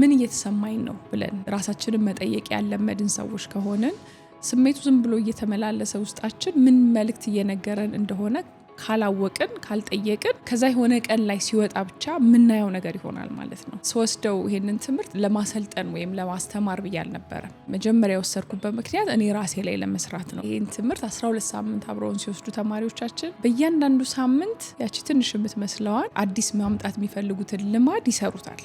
ምን እየተሰማኝ ነው ብለን ራሳችንን መጠየቅ ያለመድን ሰዎች ከሆንን ስሜቱ ዝም ብሎ እየተመላለሰ ውስጣችን ምን መልእክት እየነገረን እንደሆነ ካላወቅን ካልጠየቅን ከዛ የሆነ ቀን ላይ ሲወጣ ብቻ የምናየው ነገር ይሆናል ማለት ነው። ስወስደው ይሄንን ትምህርት ለማሰልጠን ወይም ለማስተማር ብዬ አልነበረም። መጀመሪያ የወሰድኩበት ምክንያት እኔ ራሴ ላይ ለመስራት ነው። ይህን ትምህርት 12 ሳምንት አብረውን ሲወስዱ ተማሪዎቻችን በእያንዳንዱ ሳምንት ያቺ ትንሽ የምትመስለዋን አዲስ ማምጣት የሚፈልጉትን ልማድ ይሰሩታል።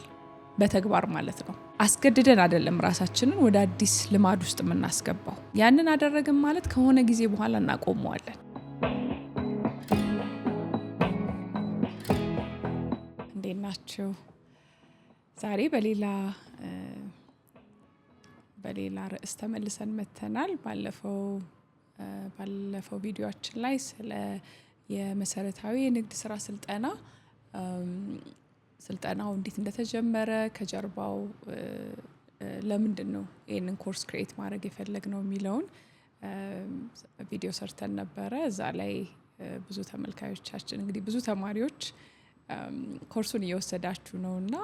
በተግባር ማለት ነው። አስገድደን አይደለም ራሳችንን ወደ አዲስ ልማድ ውስጥ የምናስገባው። ያንን አደረግን ማለት ከሆነ ጊዜ በኋላ እናቆመዋለን። እንዴት ናችሁ? ዛሬ በሌላ በሌላ ርዕስ ተመልሰን መተናል። ባለፈው ባለፈው ቪዲዮችን ላይ ስለ የመሰረታዊ የንግድ ስራ ስልጠና ስልጠናው እንዴት እንደተጀመረ ከጀርባው ለምንድን ነው ይህንን ኮርስ ክሬት ማድረግ የፈለግ ነው የሚለውን ቪዲዮ ሰርተን ነበረ። እዛ ላይ ብዙ ተመልካዮቻችን እንግዲህ ብዙ ተማሪዎች ኮርሱን እየወሰዳችሁ ነው እና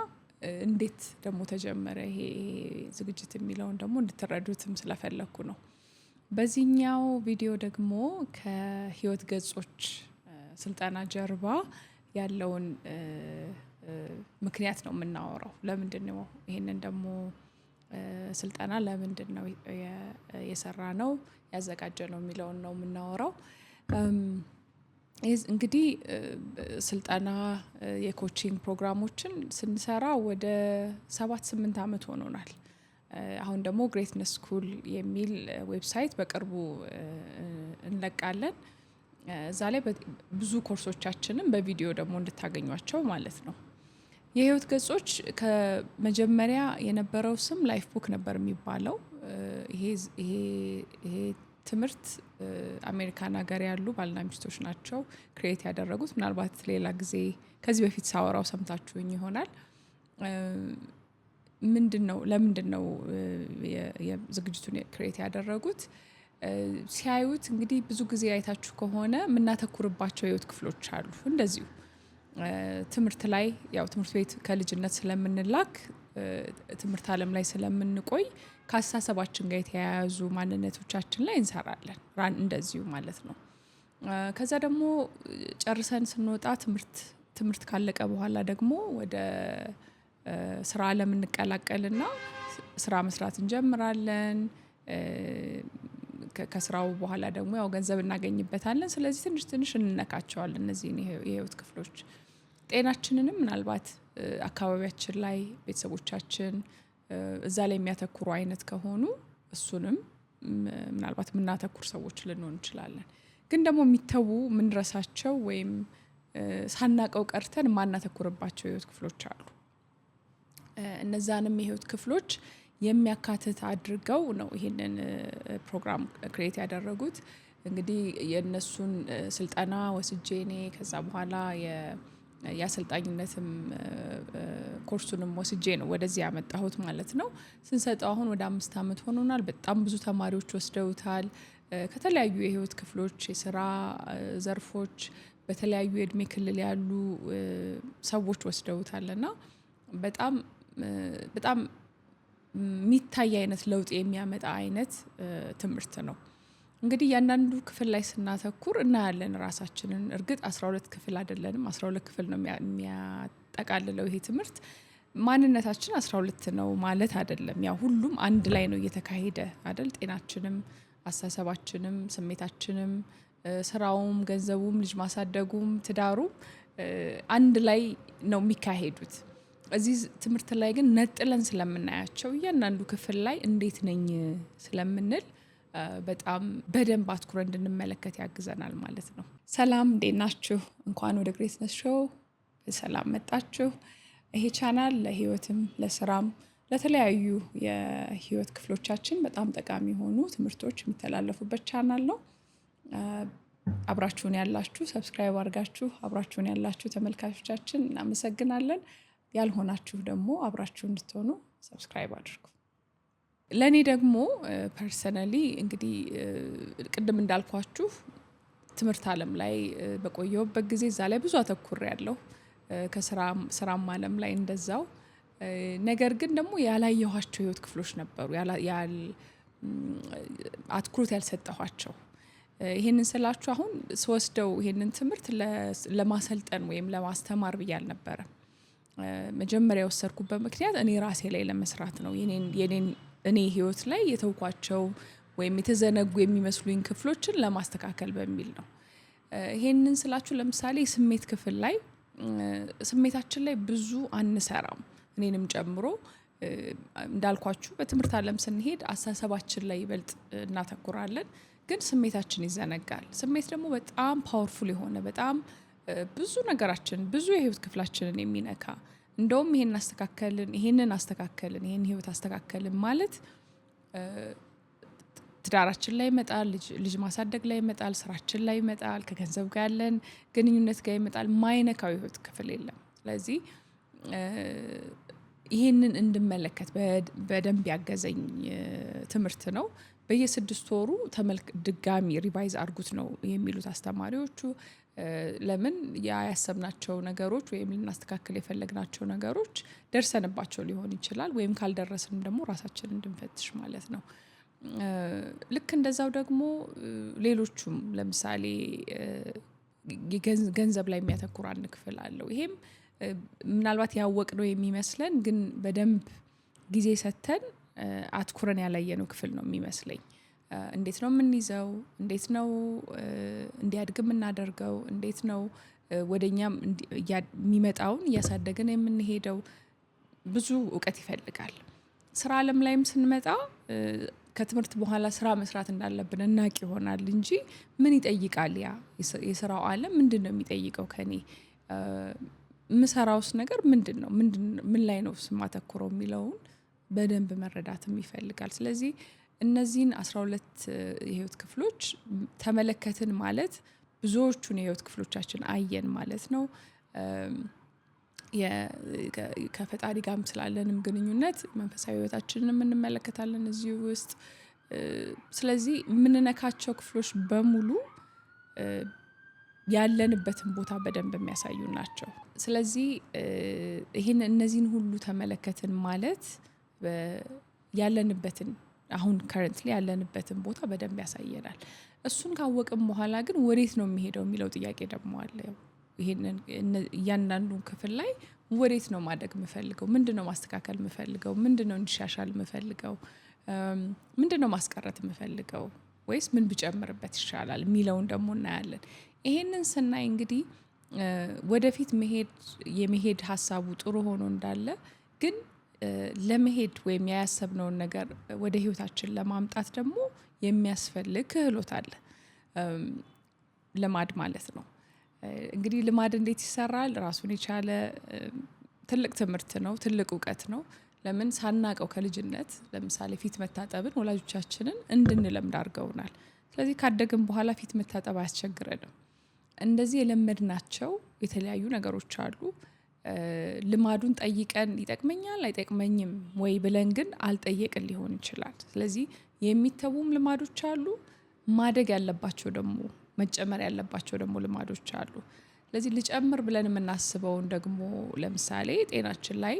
እንዴት ደግሞ ተጀመረ ይሄ ዝግጅት የሚለውን ደግሞ እንድትረዱትም ስለፈለግኩ ነው። በዚህኛው ቪዲዮ ደግሞ ከህይወት ገጾች ስልጠና ጀርባ ያለውን ምክንያት ነው የምናወራው። ለምንድን ነው ይህንን ደግሞ ስልጠና ለምንድን ነው የሰራ ነው ያዘጋጀ ነው የሚለውን ነው የምናወራው። እንግዲህ ስልጠና የኮቺንግ ፕሮግራሞችን ስንሰራ ወደ ሰባት ስምንት አመት ሆኖናል። አሁን ደግሞ ግሬትነስ ስኩል የሚል ዌብሳይት በቅርቡ እንለቃለን። እዛ ላይ ብዙ ኮርሶቻችንም በቪዲዮ ደግሞ እንድታገኟቸው ማለት ነው የህይወት ገጾች ከመጀመሪያ የነበረው ስም ላይፍ ቡክ ነበር የሚባለው። ይሄ ትምህርት አሜሪካን ሀገር ያሉ ባልና ሚስቶች ናቸው ክሬት ያደረጉት። ምናልባት ሌላ ጊዜ ከዚህ በፊት ሳወራው ሰምታችሁኝ ይሆናል። ምንድን ነው ለምንድን ነው ዝግጅቱን ክሬት ያደረጉት? ሲያዩት እንግዲህ ብዙ ጊዜ አይታችሁ ከሆነ የምናተኩርባቸው የህይወት ክፍሎች አሉ እንደዚሁ ትምህርት ላይ ያው ትምህርት ቤት ከልጅነት ስለምንላክ ትምህርት ዓለም ላይ ስለምንቆይ ከአስተሳሰባችን ጋር የተያያዙ ማንነቶቻችን ላይ እንሰራለን። ራን እንደዚሁ ማለት ነው። ከዛ ደግሞ ጨርሰን ስንወጣ ትምህርት ትምህርት ካለቀ በኋላ ደግሞ ወደ ስራ ዓለም እንቀላቀልና ስራ መስራት እንጀምራለን። ከስራው በኋላ ደግሞ ያው ገንዘብ እናገኝበታለን። ስለዚህ ትንሽ ትንሽ እንነካቸዋለን እነዚህን የህይወት ክፍሎች ጤናችንንም ምናልባት አካባቢያችን ላይ ቤተሰቦቻችን እዛ ላይ የሚያተኩሩ አይነት ከሆኑ እሱንም ምናልባት የምናተኩር ሰዎች ልንሆን እንችላለን። ግን ደግሞ የሚተዉ የምንረሳቸው ወይም ሳናቀው ቀርተን የማናተኩርባቸው የህይወት ክፍሎች አሉ። እነዛንም የህይወት ክፍሎች የሚያካትት አድርገው ነው ይህንን ፕሮግራም ክሬት ያደረጉት። እንግዲህ የእነሱን ስልጠና ወስጄ እኔ ከዛ በኋላ የአሰልጣኝነትም ኮርሱንም ወስጄ ነው ወደዚህ ያመጣሁት ማለት ነው። ስንሰጠው አሁን ወደ አምስት ዓመት ሆኖናል። በጣም ብዙ ተማሪዎች ወስደውታል። ከተለያዩ የህይወት ክፍሎች፣ የስራ ዘርፎች፣ በተለያዩ የእድሜ ክልል ያሉ ሰዎች ወስደውታል እና በጣም በጣም የሚታይ አይነት ለውጥ የሚያመጣ አይነት ትምህርት ነው። እንግዲህ እያንዳንዱ ክፍል ላይ ስናተኩር እናያለን ራሳችንን። እርግጥ 12 ክፍል አይደለንም፣ 12 ክፍል ነው የሚያጠቃልለው ይሄ ትምህርት። ማንነታችን 12 ነው ማለት አይደለም። ያው ሁሉም አንድ ላይ ነው እየተካሄደ አይደል? ጤናችንም፣ አስተሳሰባችንም፣ ስሜታችንም፣ ስራውም፣ ገንዘቡም፣ ልጅ ማሳደጉም፣ ትዳሩም አንድ ላይ ነው የሚካሄዱት። እዚህ ትምህርት ላይ ግን ነጥለን ስለምናያቸው እያንዳንዱ ክፍል ላይ እንዴት ነኝ ስለምንል በጣም በደንብ አትኩረ እንድንመለከት ያግዘናል ማለት ነው። ሰላም እንዴት ናችሁ? እንኳን ወደ ግሬትነስ ሾው በሰላም መጣችሁ። ይሄ ቻናል ለህይወትም ለስራም ለተለያዩ የህይወት ክፍሎቻችን በጣም ጠቃሚ የሆኑ ትምህርቶች የሚተላለፉበት ቻናል ነው። አብራችሁን ያላችሁ ሰብስክራይብ አድርጋችሁ አብራችሁን ያላችሁ ተመልካቾቻችን እናመሰግናለን። ያልሆናችሁ ደግሞ አብራችሁ እንድትሆኑ ሰብስክራይብ አድርጉ። ለእኔ ደግሞ ፐርሰናሊ እንግዲህ ቅድም እንዳልኳችሁ ትምህርት አለም ላይ በቆየውበት ጊዜ እዛ ላይ ብዙ አተኩር ያለው ከስራም አለም ላይ እንደዛው። ነገር ግን ደግሞ ያላየኋቸው ህይወት ክፍሎች ነበሩ አትኩሮት ያልሰጠኋቸው። ይሄንን ስላችሁ አሁን ስወስደው ይሄንን ትምህርት ለማሰልጠን ወይም ለማስተማር ብዬ ነበረ መጀመሪያ የወሰድኩበት ምክንያት እኔ ራሴ ላይ ለመስራት ነው የኔን እኔ ህይወት ላይ የተውኳቸው ወይም የተዘነጉ የሚመስሉኝ ክፍሎችን ለማስተካከል በሚል ነው። ይሄንን ስላችሁ ለምሳሌ ስሜት ክፍል ላይ ስሜታችን ላይ ብዙ አንሰራም እኔንም ጨምሮ እንዳልኳችሁ በትምህርት ዓለም ስንሄድ አሳሰባችን ላይ ይበልጥ እናተኩራለን፣ ግን ስሜታችን ይዘነጋል። ስሜት ደግሞ በጣም ፓወርፉል የሆነ በጣም ብዙ ነገራችን ብዙ የህይወት ክፍላችንን የሚነካ እንደውም ይሄን አስተካከልን ይሄንን አስተካከልን ይሄን ህይወት አስተካከልን ማለት ትዳራችን ላይ ይመጣል፣ ልጅ ማሳደግ ላይ ይመጣል፣ ስራችን ላይ ይመጣል፣ ከገንዘብ ጋር ያለን ግንኙነት ጋር ይመጣል። ማይነካው ህይወት ክፍል የለም። ስለዚህ ይህንን እንድመለከት በደንብ ያገዘኝ ትምህርት ነው። በየስድስት ወሩ ድጋሚ ሪቫይዝ አድርጉት ነው የሚሉት አስተማሪዎቹ። ለምን ያ ያሰብናቸው ነገሮች ወይም ልናስተካከል የፈለግናቸው ነገሮች ደርሰንባቸው ሊሆን ይችላል፣ ወይም ካልደረስንም ደግሞ ራሳችን እንድንፈትሽ ማለት ነው። ልክ እንደዛው ደግሞ ሌሎቹም ለምሳሌ ገንዘብ ላይ የሚያተኩር አንድ ክፍል አለው። ይሄም ምናልባት ያወቅ ነው የሚመስለን ግን በደንብ ጊዜ ሰተን አትኩረን ያላየነው ክፍል ነው የሚመስለኝ። እንዴት ነው የምንይዘው? እንዴት ነው እንዲያድግ የምናደርገው? እንዴት ነው ወደኛ የሚመጣውን እያሳደግን የምንሄደው? ብዙ እውቀት ይፈልጋል። ስራ አለም ላይም ስንመጣ ከትምህርት በኋላ ስራ መስራት እንዳለብን እናቅ ይሆናል እንጂ ምን ይጠይቃል ያ የስራው አለም ምንድን ነው የሚጠይቀው ከኔ ምሰራውስ ነገር ምንድን ነው ምን ላይ ነው ስማተኩረው የሚለውን በደንብ መረዳትም ይፈልጋል። ስለዚህ እነዚህን 12 የህይወት ክፍሎች ተመለከትን ማለት ብዙዎቹን የህይወት ክፍሎቻችን አየን ማለት ነው። ከፈጣሪ ጋርም ስላለንም ግንኙነት መንፈሳዊ ህይወታችንንም እንመለከታለን እዚህ ውስጥ። ስለዚህ የምንነካቸው ክፍሎች በሙሉ ያለንበትን ቦታ በደንብ የሚያሳዩ ናቸው። ስለዚህ ይህን እነዚህን ሁሉ ተመለከትን ማለት ያለንበትን አሁን ከረንትሊ ያለንበትን ቦታ በደንብ ያሳየናል። እሱን ካወቅም በኋላ ግን ወዴት ነው የሚሄደው የሚለው ጥያቄ ደግሞ አለ። ይሄንን እያንዳንዱ ክፍል ላይ ወዴት ነው ማደግ የምፈልገው? ምንድን ነው ማስተካከል የምፈልገው? ምንድን ነው እንዲሻሻል የምፈልገው? ምንድን ነው ማስቀረት የምፈልገው? ወይስ ምን ብጨምርበት ይሻላል የሚለውን ደግሞ እናያለን። ይሄንን ስናይ እንግዲህ ወደፊት መሄድ የመሄድ ሀሳቡ ጥሩ ሆኖ እንዳለ ግን ለመሄድ ወይም ያያሰብነውን ነገር ወደ ህይወታችን ለማምጣት ደግሞ የሚያስፈልግ ክህሎት አለ። ልማድ ማለት ነው። እንግዲህ ልማድ እንዴት ይሰራል? ራሱን የቻለ ትልቅ ትምህርት ነው። ትልቅ እውቀት ነው። ለምን ሳናቀው ከልጅነት ለምሳሌ ፊት መታጠብን ወላጆቻችንን እንድንለምድ አድርገውናል። ስለዚህ ካደግን በኋላ ፊት መታጠብ አያስቸግረንም። እንደዚህ የለመድናቸው የተለያዩ ነገሮች አሉ ልማዱን ጠይቀን ይጠቅመኛል አይጠቅመኝም ወይ ብለን ግን አልጠየቅን ሊሆን ይችላል። ስለዚህ የሚተዉም ልማዶች አሉ ማደግ ያለባቸው ደግሞ መጨመር ያለባቸው ደግሞ ልማዶች አሉ። ስለዚህ ልጨምር ብለን የምናስበውን ደግሞ ለምሳሌ ጤናችን ላይ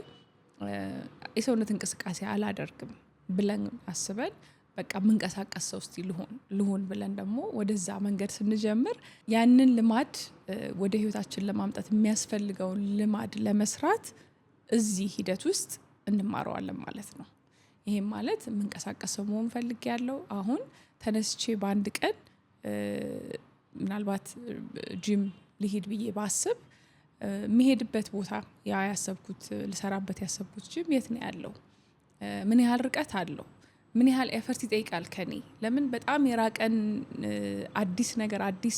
የሰውነት እንቅስቃሴ አላደርግም ብለን አስበን በቃ የምንቀሳቀስ ሰው እስቲ ልሆን ልሆን ብለን ደግሞ ወደዛ መንገድ ስንጀምር ያንን ልማድ ወደ ህይወታችን ለማምጣት የሚያስፈልገውን ልማድ ለመስራት እዚህ ሂደት ውስጥ እንማረዋለን ማለት ነው። ይሄም ማለት የምንቀሳቀስ ሰው መሆን ፈልግ ያለው አሁን ተነስቼ በአንድ ቀን ምናልባት ጂም ልሂድ ብዬ ባስብ የሚሄድበት ቦታ ያ ያሰብኩት ልሰራበት ያሰብኩት ጂም የት ነው ያለው? ምን ያህል ርቀት አለው? ምን ያህል ኤፈርት ይጠይቃል ከኔ? ለምን በጣም የራቀን አዲስ ነገር አዲስ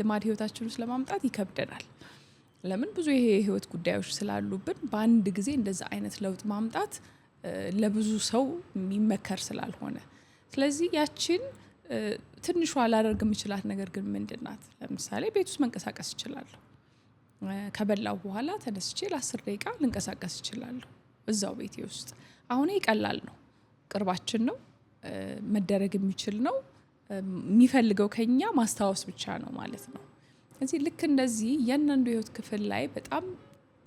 ልማድ ህይወታችን ውስጥ ለማምጣት ይከብደናል። ለምን ብዙ ይሄ የህይወት ጉዳዮች ስላሉብን በአንድ ጊዜ እንደዛ አይነት ለውጥ ማምጣት ለብዙ ሰው የሚመከር ስላልሆነ፣ ስለዚህ ያችን ትንሿ ላደርግ የምችላት ነገር ግን ምንድናት? ለምሳሌ ቤት ውስጥ መንቀሳቀስ እችላለሁ። ከበላው በኋላ ተነስቼ ለአስር ደቂቃ ልንቀሳቀስ እችላለሁ እዛው ቤቴ ውስጥ። አሁን ይቀላል ነው ቅርባችን ነው፣ መደረግ የሚችል ነው። የሚፈልገው ከኛ ማስታወስ ብቻ ነው ማለት ነው። እዚህ ልክ እንደዚህ እያንዳንዱ የህይወት ክፍል ላይ በጣም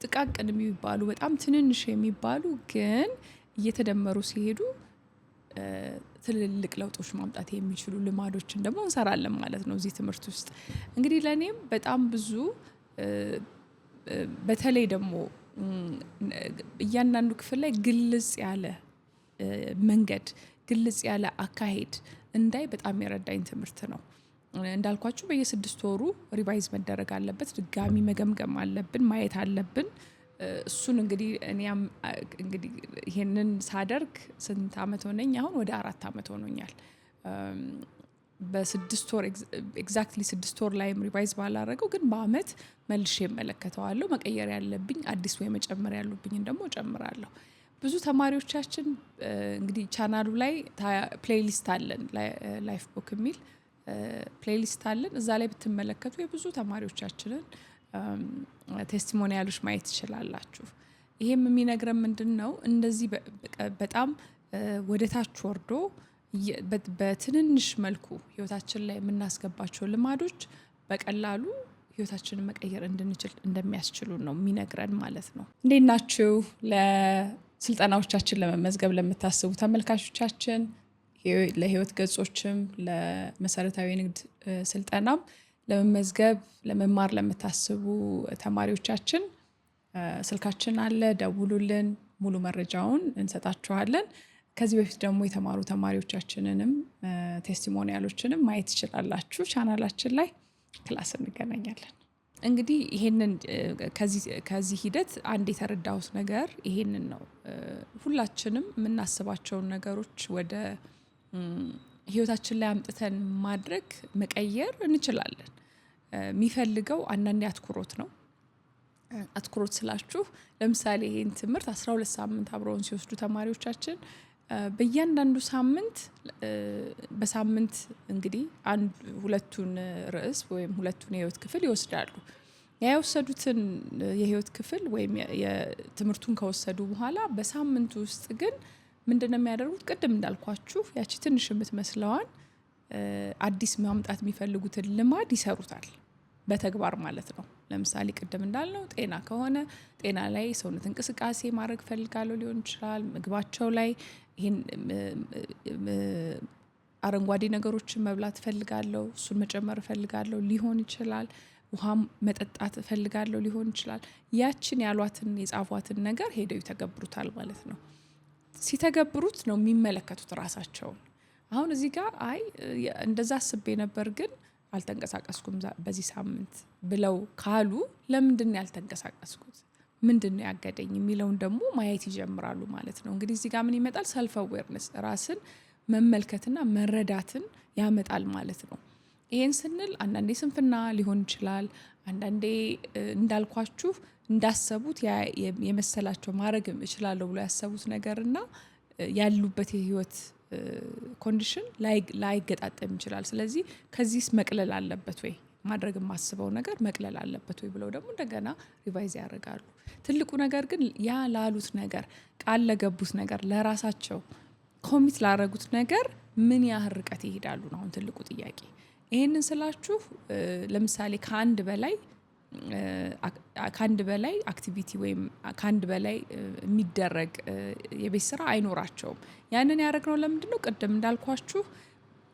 ጥቃቅን የሚባሉ በጣም ትንንሽ የሚባሉ ግን እየተደመሩ ሲሄዱ ትልልቅ ለውጦች ማምጣት የሚችሉ ልማዶችን ደግሞ እንሰራለን ማለት ነው። እዚህ ትምህርት ውስጥ እንግዲህ ለእኔም በጣም ብዙ በተለይ ደግሞ እያንዳንዱ ክፍል ላይ ግልጽ ያለ መንገድ፣ ግልጽ ያለ አካሄድ እንዳይ በጣም የረዳኝ ትምህርት ነው። እንዳልኳችሁ በየስድስት ወሩ ሪቫይዝ መደረግ አለበት። ድጋሚ መገምገም አለብን፣ ማየት አለብን። እሱን እንግዲህ እኔም እንግዲህ ሳደርግ ስንት አመት ሆነኝ? አሁን ወደ አራት አመት ሆኖኛል። በስድስት ወር ኤግዛክትሊ ስድስት ወር ላይም ሪቫይዝ ባላረገው ግን በአመት መልሼ እመለከተዋለሁ። መቀየር ያለብኝ አዲስ ወይ መጨመር ያሉብኝን ደግሞ እጨምራለሁ። ብዙ ተማሪዎቻችን እንግዲህ ቻናሉ ላይ ፕሌይሊስት አለን ላይፍ ቡክ የሚል ፕሌይሊስት አለን። እዛ ላይ ብትመለከቱ የብዙ ተማሪዎቻችንን ቴስቲሞኒያሎች ማየት ትችላላችሁ። ይሄም የሚነግረን ምንድን ነው? እንደዚህ በጣም ወደ ታች ወርዶ በትንንሽ መልኩ ህይወታችን ላይ የምናስገባቸው ልማዶች በቀላሉ ህይወታችንን መቀየር እንድንችል እንደሚያስችሉን ነው የሚነግረን ማለት ነው። እንዴት ናችሁ? ስልጠናዎቻችን ለመመዝገብ ለምታስቡ ተመልካቾቻችን ለህይወት ገጾችም ለመሰረታዊ ንግድ ስልጠናም ለመመዝገብ ለመማር ለምታስቡ ተማሪዎቻችን ስልካችን አለ፣ ደውሉልን። ሙሉ መረጃውን እንሰጣችኋለን። ከዚህ በፊት ደግሞ የተማሩ ተማሪዎቻችንንም ቴስቲሞኒያሎችንም ማየት ይችላላችሁ ቻናላችን ላይ ክላስ እንገናኛለን። እንግዲህ ይሄንን ከዚህ ሂደት አንድ የተረዳሁት ነገር ይሄንን ነው። ሁላችንም የምናስባቸውን ነገሮች ወደ ህይወታችን ላይ አምጥተን ማድረግ መቀየር እንችላለን። የሚፈልገው አንዳንዴ አትኩሮት ነው። አትኩሮት ስላችሁ ለምሳሌ ይሄን ትምህርት አስራ ሁለት ሳምንት አብረውን ሲወስዱ ተማሪዎቻችን በእያንዳንዱ ሳምንት በሳምንት እንግዲህ አንድ ሁለቱን ርዕስ ወይም ሁለቱን የህይወት ክፍል ይወስዳሉ። ያ የወሰዱትን የህይወት ክፍል ወይም የትምህርቱን ከወሰዱ በኋላ በሳምንቱ ውስጥ ግን ምንድነው የሚያደርጉት? ቅድም እንዳልኳችሁ ያቺ ትንሽ የምትመስለዋን አዲስ ማምጣት የሚፈልጉትን ልማድ ይሰሩታል በተግባር ማለት ነው። ለምሳሌ ቅድም እንዳልነው ጤና ከሆነ ጤና ላይ ሰውነት እንቅስቃሴ ማድረግ ፈልጋለሁ ሊሆን ይችላል። ምግባቸው ላይ ይህን አረንጓዴ ነገሮችን መብላት እፈልጋለሁ፣ እሱን መጨመር እፈልጋለሁ ሊሆን ይችላል። ውሃ መጠጣት እፈልጋለሁ ሊሆን ይችላል። ያችን ያሏትን የጻፏትን ነገር ሄደው ይተገብሩታል ማለት ነው። ሲተገብሩት ነው የሚመለከቱት ራሳቸውን። አሁን እዚህ ጋር አይ እንደዛ አስቤ ነበር ግን አልተንቀሳቀስኩም በዚህ ሳምንት ብለው ካሉ ለምንድን ነው ያልተንቀሳቀስኩት? ምንድን ነው ያገደኝ የሚለውን ደግሞ ማየት ይጀምራሉ ማለት ነው። እንግዲህ እዚህ ጋር ምን ይመጣል? ሰልፍ አዌርነስ ራስን መመልከትና መረዳትን ያመጣል ማለት ነው። ይህን ስንል አንዳንዴ ስንፍና ሊሆን ይችላል። አንዳንዴ እንዳልኳችሁ እንዳሰቡት የመሰላቸው ማድረግ እችላለሁ ብሎ ያሰቡት ነገርና ያሉበት የህይወት ኮንዲሽን ላይገጣጠም ይችላል። ስለዚህ ከዚህስ መቅለል አለበት ወይ ማድረግ የማስበው ነገር መቅለል አለበት ወይ ብለው ደግሞ እንደገና ሪቫይዝ ያደርጋሉ። ትልቁ ነገር ግን ያ ላሉት ነገር ቃል ለገቡት ነገር ለራሳቸው ኮሚት ላደረጉት ነገር ምን ያህል ርቀት ይሄዳሉ ነው አሁን ትልቁ ጥያቄ። ይህንን ስላችሁ ለምሳሌ ከአንድ በላይ ከአንድ በላይ አክቲቪቲ ወይም ከአንድ በላይ የሚደረግ የቤት ስራ አይኖራቸውም። ያንን ያደረግነው ለምንድን ነው? ቅድም እንዳልኳችሁ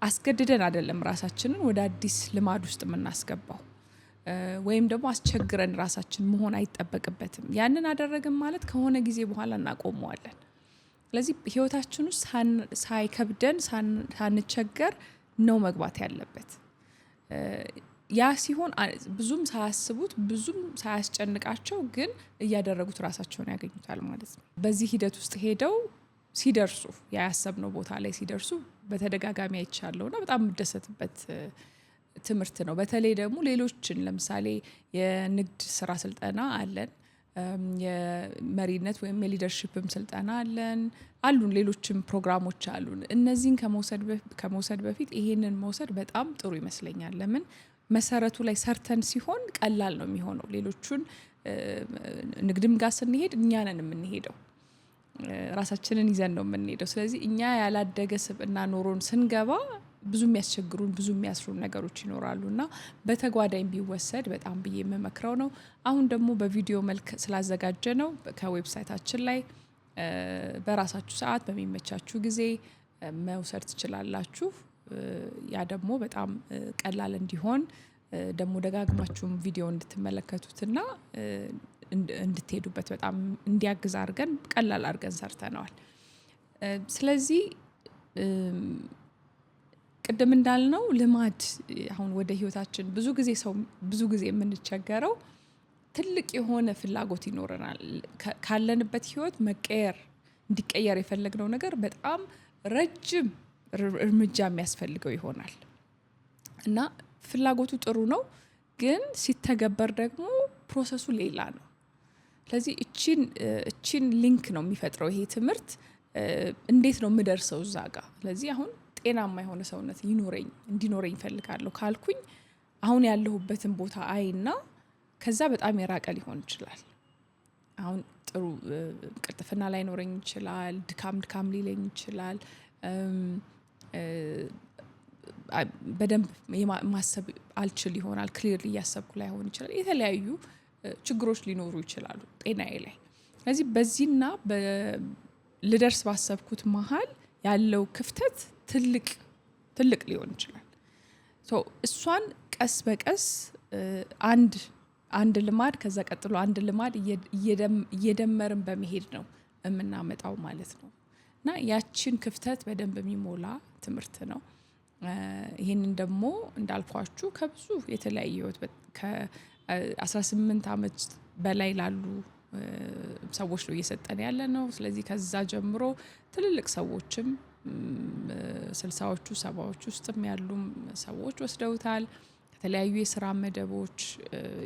አስገድደን አይደለም ራሳችንን ወደ አዲስ ልማድ ውስጥ የምናስገባው ወይም ደግሞ አስቸግረን ራሳችን መሆን አይጠበቅበትም። ያንን አደረግን ማለት ከሆነ ጊዜ በኋላ እናቆመዋለን። ስለዚህ ህይወታችን ውስጥ ሳይከብደን ሳንቸገር ነው መግባት ያለበት። ያ ሲሆን ብዙም ሳያስቡት ብዙም ሳያስጨንቃቸው ግን እያደረጉት ራሳቸውን ያገኙታል ማለት ነው። በዚህ ሂደት ውስጥ ሄደው ሲደርሱ ያያሰብነው ቦታ ላይ ሲደርሱ በተደጋጋሚ አይቻለሁ እና በጣም የምደሰትበት ትምህርት ነው። በተለይ ደግሞ ሌሎችን ለምሳሌ የንግድ ስራ ስልጠና አለን፣ የመሪነት ወይም የሊደርሽፕም ስልጠና አለን፣ አሉን ሌሎችም ፕሮግራሞች አሉን። እነዚህን ከመውሰድ በፊት ይሄንን መውሰድ በጣም ጥሩ ይመስለኛል። ለምን መሰረቱ ላይ ሰርተን ሲሆን ቀላል ነው የሚሆነው። ሌሎቹን ንግድም ጋር ስንሄድ እኛ ነን የምንሄደው ራሳችንን ይዘን ነው የምንሄደው። ስለዚህ እኛ ያላደገ ስብዕና ኖሮን ስንገባ ብዙ የሚያስቸግሩን ብዙ የሚያስሩን ነገሮች ይኖራሉ እና በተጓዳኝ ቢወሰድ በጣም ብዬ የምመክረው ነው። አሁን ደግሞ በቪዲዮ መልክ ስላዘጋጀ ነው ከዌብሳይታችን ላይ በራሳችሁ ሰዓት በሚመቻችሁ ጊዜ መውሰድ ትችላላችሁ። ያ ደግሞ በጣም ቀላል እንዲሆን ደግሞ ደጋግማችሁም ቪዲዮ እንድትመለከቱትና እንድትሄዱበት በጣም እንዲያግዝ አድርገን ቀላል አድርገን ሰርተነዋል። ስለዚህ ቅድም እንዳልነው ልማድ አሁን ወደ ህይወታችን ብዙ ጊዜ ሰው ብዙ ጊዜ የምንቸገረው ትልቅ የሆነ ፍላጎት ይኖረናል። ካለንበት ህይወት መቀየር እንዲቀየር የፈለግነው ነገር በጣም ረጅም እርምጃ የሚያስፈልገው ይሆናል እና ፍላጎቱ ጥሩ ነው፣ ግን ሲተገበር ደግሞ ፕሮሰሱ ሌላ ነው። ስለዚህ እቺን እቺን ሊንክ ነው የሚፈጥረው ይሄ ትምህርት እንዴት ነው የምደርሰው እዛ ጋ ስለዚህ አሁን ጤናማ የሆነ ሰውነት ይኖረኝ እንዲኖረኝ ይፈልጋለሁ ካልኩኝ አሁን ያለሁበትን ቦታ አይና ከዛ በጣም የራቀ ሊሆን ይችላል። አሁን ጥሩ ቅልጥፍና ላይኖረኝ ይችላል። ድካም ድካም ሊለኝ ይችላል። በደንብ ማሰብ አልችል ይሆናል። ክሊርሊ እያሰብኩ ላይሆን ይችላል። የተለያዩ ችግሮች ሊኖሩ ይችላሉ ጤናዬ ላይ። ስለዚህ በዚህና ልደርስ ባሰብኩት መሀል ያለው ክፍተት ትልቅ ትልቅ ሊሆን ይችላል። እሷን ቀስ በቀስ አንድ አንድ ልማድ ከዛ ቀጥሎ አንድ ልማድ እየደመርን በመሄድ ነው የምናመጣው ማለት ነው። እና ያችን ክፍተት በደንብ የሚሞላ ትምህርት ነው። ይህንን ደግሞ እንዳልኳችሁ ከብዙ የተለያየ ህይወት 18 ዓመት በላይ ላሉ ሰዎች ነው እየሰጠን ያለ ነው። ስለዚህ ከዛ ጀምሮ ትልልቅ ሰዎችም ስልሳዎቹ ሰባዎች ውስጥም ያሉ ሰዎች ወስደውታል። ከተለያዩ የስራ መደቦች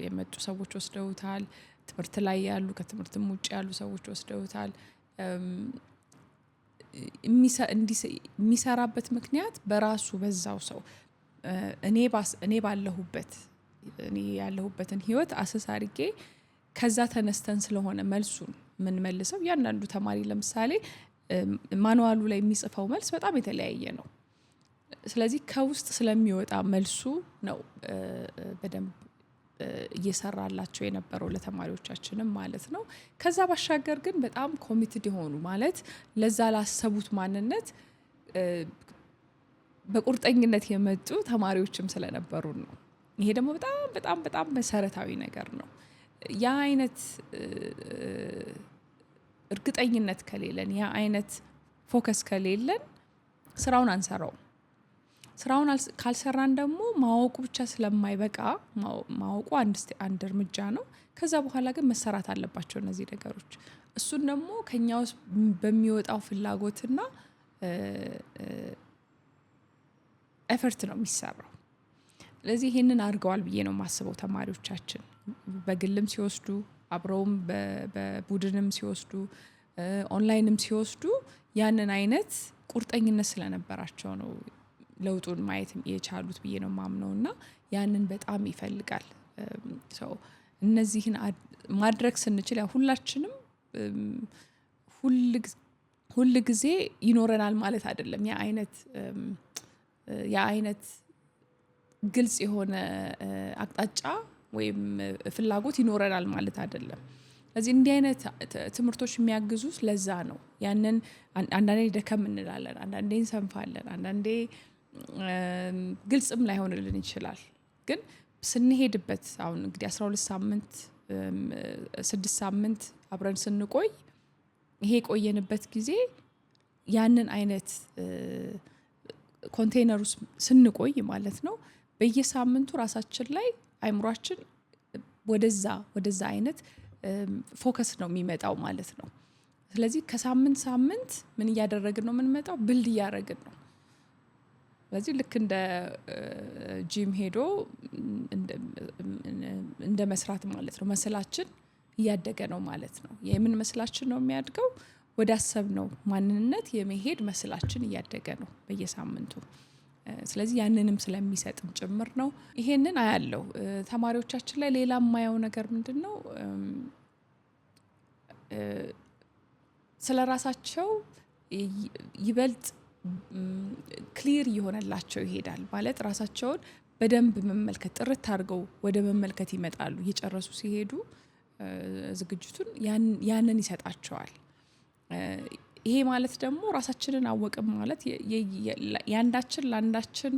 የመጡ ሰዎች ወስደውታል። ትምህርት ላይ ያሉ ከትምህርትም ውጭ ያሉ ሰዎች ወስደውታል። የሚሰራበት ምክንያት በራሱ በዛው ሰው እኔ ባለሁበት እኔ ያለሁበትን ህይወት አሰስ አድርጌ ከዛ ተነስተን ስለሆነ መልሱን የምንመልሰው። እያንዳንዱ ተማሪ ለምሳሌ ማኑዋሉ ላይ የሚጽፈው መልስ በጣም የተለያየ ነው። ስለዚህ ከውስጥ ስለሚወጣ መልሱ ነው በደንብ እየሰራላቸው የነበረው ለተማሪዎቻችንም ማለት ነው። ከዛ ባሻገር ግን በጣም ኮሚትድ የሆኑ ማለት ለዛ ላሰቡት ማንነት በቁርጠኝነት የመጡ ተማሪዎችም ስለነበሩን ነው። ይሄ ደግሞ በጣም በጣም በጣም መሰረታዊ ነገር ነው። ያ አይነት እርግጠኝነት ከሌለን፣ ያ አይነት ፎከስ ከሌለን ስራውን አንሰራውም። ስራውን ካልሰራን ደግሞ ማወቁ ብቻ ስለማይበቃ ማወቁ አንድ እርምጃ ነው። ከዛ በኋላ ግን መሰራት አለባቸው እነዚህ ነገሮች። እሱን ደግሞ ከኛ ውስጥ በሚወጣው ፍላጎትና ኤፈርት ነው የሚሰራው። ስለዚህ ይህንን አድርገዋል ብዬ ነው የማስበው። ተማሪዎቻችን በግልም ሲወስዱ አብረውም በቡድንም ሲወስዱ ኦንላይንም ሲወስዱ ያንን አይነት ቁርጠኝነት ስለነበራቸው ነው ለውጡን ማየት የቻሉት ብዬ ነው ማምነው እና ያንን በጣም ይፈልጋል ሰው እነዚህን ማድረግ ስንችል ያው ሁላችንም ሁል ጊዜ ይኖረናል ማለት አይደለም። ያ አይነት ያ አይነት ግልጽ የሆነ አቅጣጫ ወይም ፍላጎት ይኖረናል ማለት አይደለም። ስለዚህ እንዲህ አይነት ትምህርቶች የሚያግዙ ለዛ ነው። ያንን አንዳንዴ ደከም እንላለን፣ አንዳንዴ እንሰንፋለን፣ አንዳንዴ ግልጽም ላይሆንልን ይችላል። ግን ስንሄድበት አሁን እንግዲህ 12 ሳምንት ስድስት ሳምንት አብረን ስንቆይ ይሄ የቆየንበት ጊዜ ያንን አይነት ኮንቴይነር ውስጥ ስንቆይ ማለት ነው በየሳምንቱ ራሳችን ላይ አይምሯችን ወደዛ ወደዛ አይነት ፎከስ ነው የሚመጣው ማለት ነው። ስለዚህ ከሳምንት ሳምንት ምን እያደረግን ነው የምንመጣው? ብልድ እያደረግን ነው። ስለዚህ ልክ እንደ ጂም ሄዶ እንደ መስራት ማለት ነው። መስላችን እያደገ ነው ማለት ነው። የምን መስላችን ነው የሚያድገው? ወዳሰብ ነው ማንነት የመሄድ መስላችን እያደገ ነው በየሳምንቱ ስለዚህ ያንንም ስለሚሰጥም ጭምር ነው። ይሄንን አያለው ተማሪዎቻችን ላይ። ሌላ የማየው ነገር ምንድን ነው? ስለ ራሳቸው ይበልጥ ክሊር እየሆነላቸው ይሄዳል። ማለት ራሳቸውን በደንብ መመልከት ጥርት አድርገው ወደ መመልከት ይመጣሉ። እየጨረሱ ሲሄዱ ዝግጅቱን ያንን ይሰጣቸዋል። ይሄ ማለት ደግሞ ራሳችንን አወቅም ማለት የአንዳችን ለአንዳችን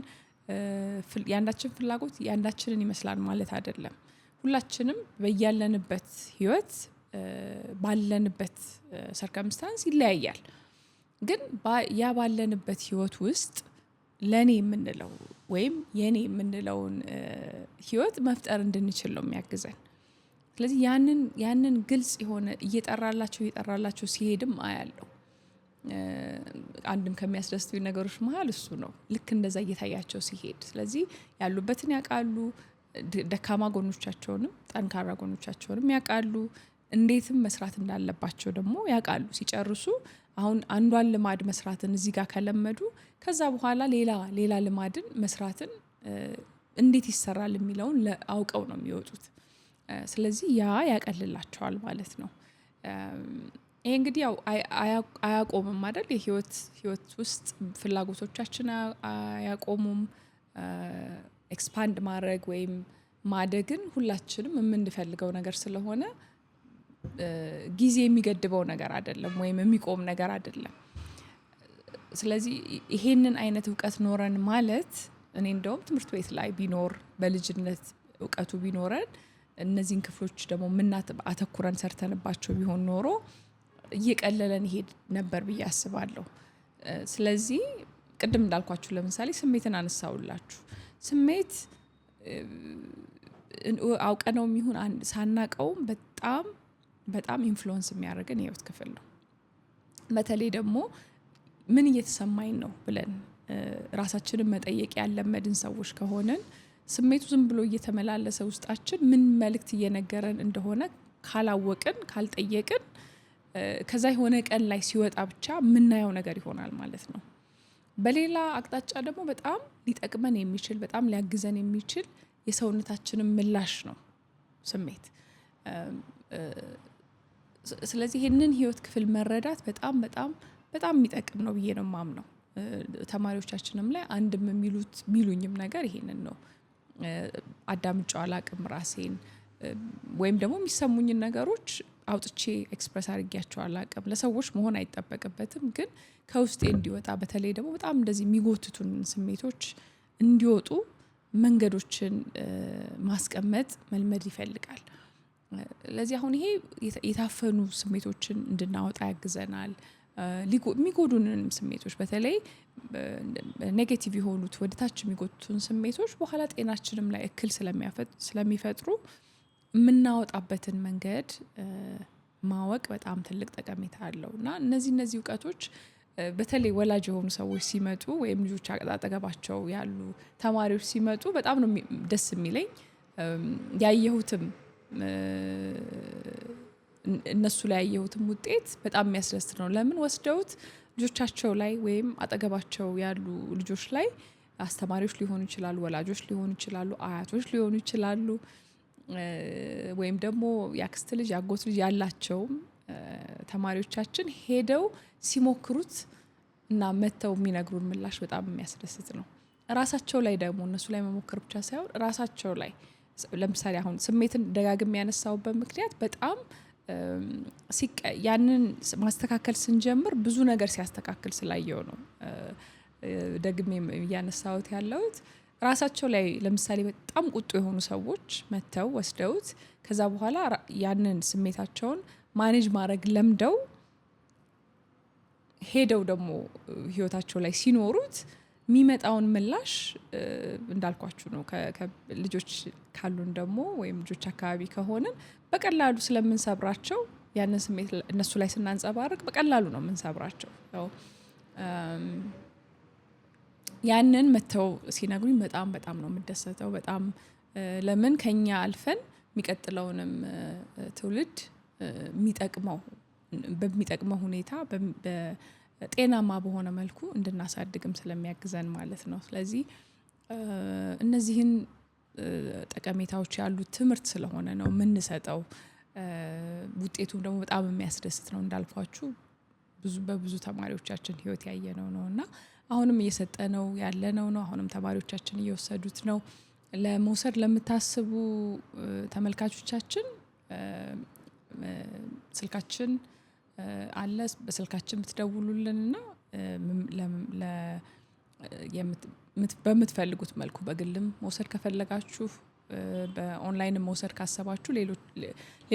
የአንዳችን ፍላጎት የአንዳችንን ይመስላል ማለት አይደለም። ሁላችንም በያለንበት ህይወት ባለንበት ሰርከምስታንስ ይለያያል። ግን ያ ባለንበት ህይወት ውስጥ ለእኔ የምንለው ወይም የእኔ የምንለውን ህይወት መፍጠር እንድንችል ነው የሚያግዘን። ስለዚህ ያንን ያንን ግልጽ የሆነ እየጠራላቸው እየጠራላቸው ሲሄድም አያለው አንድም ከሚያስደስቱ ነገሮች መሀል እሱ ነው። ልክ እንደዛ እየታያቸው ሲሄድ ስለዚህ ያሉበትን ያውቃሉ፣ ደካማ ጎኖቻቸውንም ጠንካራ ጎኖቻቸውንም ያውቃሉ፣ እንዴትም መስራት እንዳለባቸው ደግሞ ያውቃሉ። ሲጨርሱ አሁን አንዷን ልማድ መስራትን እዚህ ጋር ከለመዱ ከዛ በኋላ ሌላ ሌላ ልማድን መስራትን እንዴት ይሰራል የሚለውን አውቀው ነው የሚወጡት። ስለዚህ ያ ያቀልላቸዋል ማለት ነው። ይሄ እንግዲህ ያው አያቆምም አይደል? የህይወት ህይወት ውስጥ ፍላጎቶቻችን አያቆሙም። ኤክስፓንድ ማድረግ ወይም ማደግን ሁላችንም የምንፈልገው ነገር ስለሆነ ጊዜ የሚገድበው ነገር አይደለም ወይም የሚቆም ነገር አይደለም። ስለዚህ ይሄንን አይነት እውቀት ኖረን ማለት እኔ እንደውም ትምህርት ቤት ላይ ቢኖር በልጅነት እውቀቱ ቢኖረን እነዚህን ክፍሎች ደግሞ ምናት አተኩረን ሰርተንባቸው ቢሆን ኖሮ እየቀለለን ይሄድ ነበር ብዬ አስባለሁ። ስለዚህ ቅድም እንዳልኳችሁ ለምሳሌ ስሜትን አነሳውላችሁ። ስሜት አውቀነውም ይሁን ሳናቀውም በጣም በጣም ኢንፍሉወንስ የሚያደርገን የህይወት ክፍል ነው። በተለይ ደግሞ ምን እየተሰማኝ ነው ብለን ራሳችንን መጠየቅ ያለመድን ሰዎች ከሆንን ስሜቱ ዝም ብሎ እየተመላለሰ ውስጣችን ምን መልእክት እየነገረን እንደሆነ ካላወቅን ካልጠየቅን ከዛ የሆነ ቀን ላይ ሲወጣ ብቻ የምናየው ነገር ይሆናል ማለት ነው። በሌላ አቅጣጫ ደግሞ በጣም ሊጠቅመን የሚችል በጣም ሊያግዘን የሚችል የሰውነታችንን ምላሽ ነው ስሜት። ስለዚህ ይህንን ህይወት ክፍል መረዳት በጣም በጣም በጣም የሚጠቅም ነው ብዬ ነው የማምነው። ተማሪዎቻችንም ላይ አንድም የሚሉት የሚሉኝም ነገር ይሄንን ነው። አዳምጫ አላቅም ራሴን ወይም ደግሞ የሚሰሙኝን ነገሮች አውጥቼ ኤክስፕረስ አድርጊያቸው አላቅም። ለሰዎች መሆን አይጠበቅበትም፣ ግን ከውስጤ እንዲወጣ በተለይ ደግሞ በጣም እንደዚህ የሚጎትቱን ስሜቶች እንዲወጡ መንገዶችን ማስቀመጥ መልመድ ይፈልጋል። ለዚህ አሁን ይሄ የታፈኑ ስሜቶችን እንድናወጣ ያግዘናል። የሚጎዱንን ስሜቶች በተለይ ኔጌቲቭ የሆኑት ወደታች የሚጎቱን ስሜቶች በኋላ ጤናችንም ላይ እክል ስለሚፈጥሩ የምናወጣበትን መንገድ ማወቅ በጣም ትልቅ ጠቀሜታ አለው እና እነዚህ እነዚህ እውቀቶች በተለይ ወላጅ የሆኑ ሰዎች ሲመጡ ወይም ልጆች አጠገባቸው ያሉ ተማሪዎች ሲመጡ በጣም ነው ደስ የሚለኝ። ያየሁትም እነሱ ላይ ያየሁትም ውጤት በጣም የሚያስደስት ነው። ለምን ወስደውት ልጆቻቸው ላይ ወይም አጠገባቸው ያሉ ልጆች ላይ አስተማሪዎች ሊሆኑ ይችላሉ፣ ወላጆች ሊሆኑ ይችላሉ፣ አያቶች ሊሆኑ ይችላሉ ወይም ደግሞ የአክስት ልጅ የአጎት ልጅ ያላቸውም ተማሪዎቻችን ሄደው ሲሞክሩት እና መጥተው የሚነግሩን ምላሽ በጣም የሚያስደስት ነው። ራሳቸው ላይ ደግሞ እነሱ ላይ መሞከር ብቻ ሳይሆን ራሳቸው ላይ ለምሳሌ አሁን ስሜትን ደጋግሜ ያነሳውበት ምክንያት በጣም ያንን ማስተካከል ስንጀምር ብዙ ነገር ሲያስተካክል ስላየው ነው ደግሜ እያነሳሁት ያለሁት። ራሳቸው ላይ ለምሳሌ በጣም ቁጡ የሆኑ ሰዎች መጥተው ወስደውት ከዛ በኋላ ያንን ስሜታቸውን ማኔጅ ማድረግ ለምደው ሄደው ደግሞ ህይወታቸው ላይ ሲኖሩት የሚመጣውን ምላሽ እንዳልኳችሁ ነው። ልጆች ካሉን ደግሞ ወይም ልጆች አካባቢ ከሆንን በቀላሉ ስለምንሰብራቸው ያንን ስሜት እነሱ ላይ ስናንጸባርቅ በቀላሉ ነው የምንሰብራቸው። ያንን መተው ሲነግሩኝ በጣም በጣም ነው የምደሰተው። በጣም ለምን ከኛ አልፈን የሚቀጥለውንም ትውልድ የሚጠቅመው በሚጠቅመው ሁኔታ ጤናማ በሆነ መልኩ እንድናሳድግም ስለሚያግዘን ማለት ነው። ስለዚህ እነዚህን ጠቀሜታዎች ያሉት ትምህርት ስለሆነ ነው የምንሰጠው። ውጤቱም ደግሞ በጣም የሚያስደስት ነው እንዳልኳችሁ ብዙ በብዙ ተማሪዎቻችን ህይወት ያየነው ነው እና አሁንም እየሰጠ ነው ያለ ነው ነው አሁንም ተማሪዎቻችን እየወሰዱት ነው። ለመውሰድ ለምታስቡ ተመልካቾቻችን ስልካችን አለ። በስልካችን ብትደውሉልን ና በምትፈልጉት መልኩ በግልም መውሰድ ከፈለጋችሁ በኦንላይንም መውሰድ ካሰባችሁ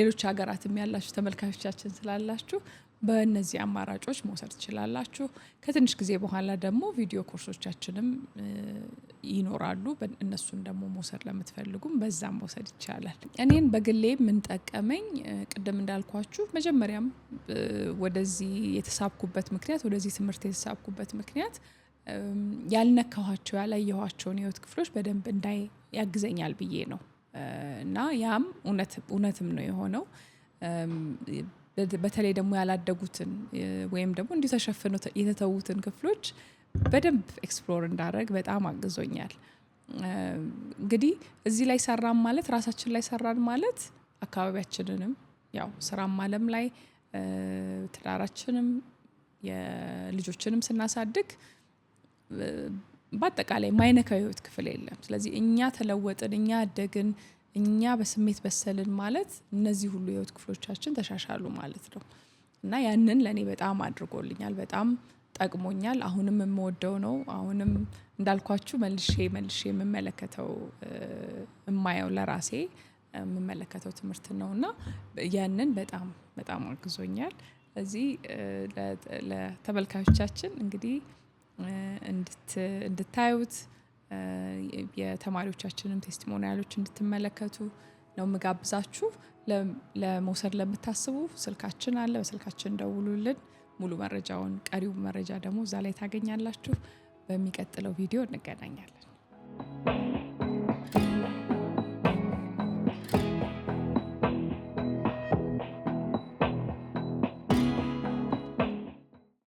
ሌሎች ሀገራትም ያላችሁ ተመልካቾቻችን ስላላችሁ በእነዚህ አማራጮች መውሰድ ትችላላችሁ። ከትንሽ ጊዜ በኋላ ደግሞ ቪዲዮ ኮርሶቻችንም ይኖራሉ። እነሱን ደግሞ መውሰድ ለምትፈልጉም በዛም መውሰድ ይቻላል። እኔን በግሌ የምንጠቀመኝ ቅድም እንዳልኳችሁ መጀመሪያም ወደዚህ የተሳብኩበት ምክንያት ወደዚህ ትምህርት የተሳብኩበት ምክንያት ያልነካኋቸው ያላየኋቸውን የህይወት ክፍሎች በደንብ እንዳይ ያግዘኛል ብዬ ነው እና ያም እውነትም ነው የሆነው። በተለይ ደግሞ ያላደጉትን ወይም ደግሞ እንዲሁ ተሸፍኖ የተተዉትን ክፍሎች በደንብ ኤክስፕሎር እንዳደረግ በጣም አግዞኛል። እንግዲህ እዚህ ላይ ሰራን ማለት ራሳችን ላይ ሰራን ማለት አካባቢያችንንም ያው ስራም አለም ላይ ትዳራችንም የልጆችንም ስናሳድግ በአጠቃላይ ማይነካው ህይወት ክፍል የለም። ስለዚህ እኛ ተለወጥን፣ እኛ አደግን እኛ በስሜት በሰልን ማለት እነዚህ ሁሉ የህይወት ክፍሎቻችን ተሻሻሉ ማለት ነው እና ያንን ለእኔ በጣም አድርጎልኛል፣ በጣም ጠቅሞኛል። አሁንም የምወደው ነው። አሁንም እንዳልኳችሁ መልሼ መልሼ የምመለከተው የማየው ለራሴ የምመለከተው ትምህርት ነው እና ያንን በጣም በጣም አግዞኛል። እዚህ ለተመልካቾቻችን እንግዲህ እንድታዩት የተማሪዎቻችንም ቴስቲሞኒያሎች እንድትመለከቱ ነው ምጋብዛችሁ። ለመውሰድ ለምታስቡ ስልካችን አለ፣ በስልካችን ደውሉልን። ሙሉ መረጃውን ቀሪው መረጃ ደግሞ እዛ ላይ ታገኛላችሁ። በሚቀጥለው ቪዲዮ እንገናኛለን።